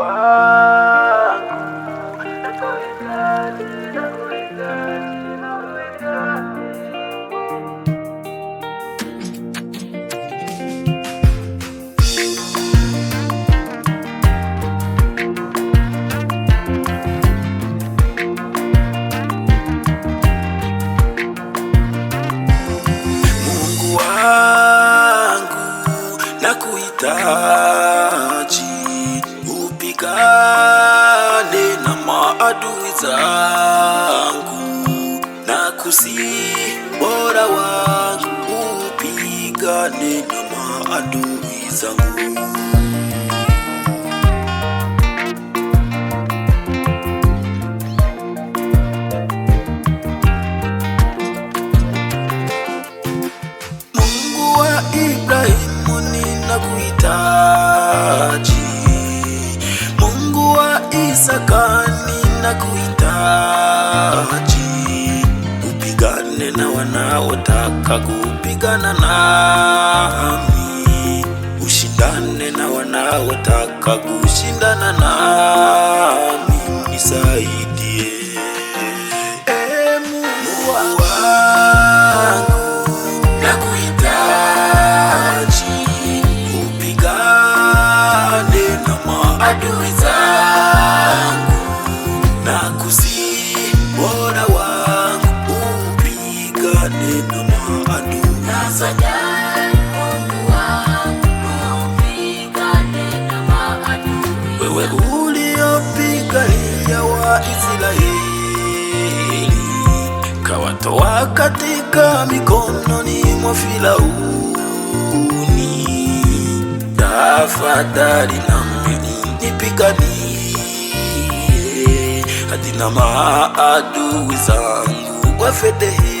Mungu wangu nakuita adui zangu na kusi bora wangu, upigane na maadui zangu. nchi, upigane na wanaotaka kupigana nami, ushindane na wanaotaka kushindana nami, nisaidie Nakuhitaji, upigane na Wewe uliopigania Waisraeli kawatoa katika mikononi mwa Firauni, tafadhali nami nipiganie hadi na maadui zangu wafedheheshwe.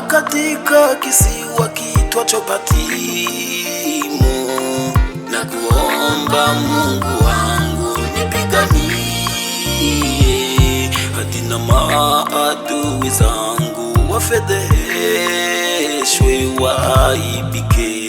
katika kisiwa kitwacho Patimu, na kuomba Mungu wangu nipiganie hadi na maadui zangu wafedheheshwe, waaibike